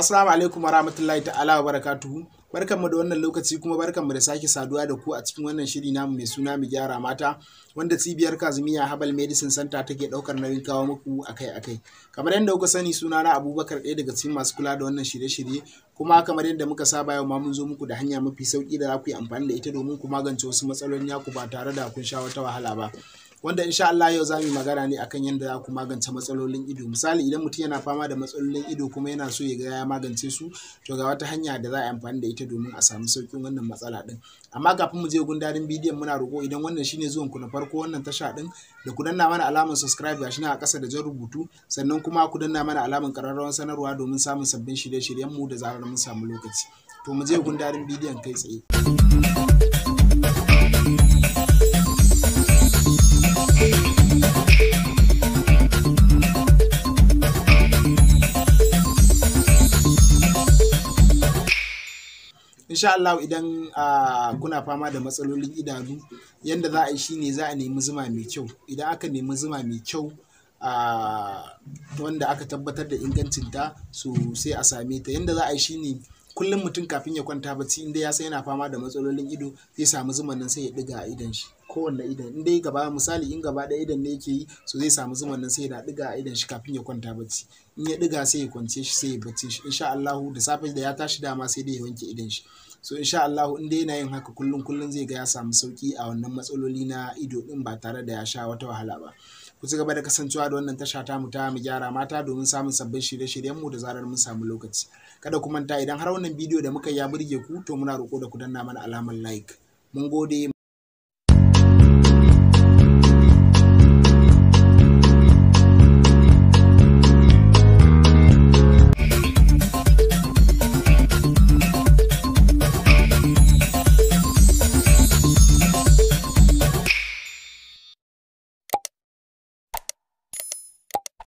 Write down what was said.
Assalamu alaikum warahmatullahi ta'ala wa barakatuhu. Barkanmu da wannan lokaci kuma barkanmu da sake saduwa da ku a cikin wannan shiri namu mai suna mu gyara mata wanda cibiyar Kazumiya Habal Medicine Center take daukar nauyin kawo muku akai-akai. Kamar yadda kuka sani suna na Abubakar ɗaya daga cikin masu kula da wannan shirye-shirye kuma kamar yadda muka saba yau ma mun zo muku da hanya mafi sauki da za ku yi amfani da ita domin ku magance wasu matsalolin yaku ba tare da kun sha wata wahala ba. wanda insha Allah yau zamu magana ne akan yadda za ku magance matsalolin ido misali idan mutum yana fama da matsalolin ido kuma yana so ya ga ya magance su to ga wata hanya da za a amfani da ita domin a samu saukin wannan matsala din amma kafin mu je gundarin bidiyon muna roƙo idan wannan shine zuwan ku na farko wannan tasha din da ku danna mana alamar subscribe gashi nan a ƙasa da jan rubutu sannan kuma ku danna mana alamar ƙararrawar sanarwa domin samun sabbin shirye-shiryen mu da zarar mun samu lokaci to mu je gundarin bidiyon kai tsaye insha Allah idan kuna fama da matsalolin idanu yadda za a yi shine za a nemi zuma mai kyau idan aka nemi zuma mai kyau wanda aka tabbatar da ingancinta ta a same ta yanda za a yi ne kullum mutum kafin ya kwanta bacci inda ya san yana fama da matsalolin ido zai samu zuma nan sai ya ɗiga a idan shi kowanne idan in dai gaba misali in gaba ɗaya idan ne yake yi so zai samu zuman nan sai ya ɗiga a idan shi kafin ya kwanta bacci in ya diga sai ya kwance shi sai ya bacci shi insha Allahu da safe da ya tashi dama sai dai ya wanke idan shi so insha Allahu in dai yana yin haka kullum kullun zai ga ya samu sauki a wannan matsaloli na ido din ba tare da ya sha wata wahala ba ku ci gaba da kasancewa da wannan tasha ta mu ta mu gyara mata domin samun sabbin shirye-shiryen mu da zarar mun samu lokaci kada ku manta idan har wannan bidiyo da muka ya burge ku to muna roko da ku danna mana alamar like mun gode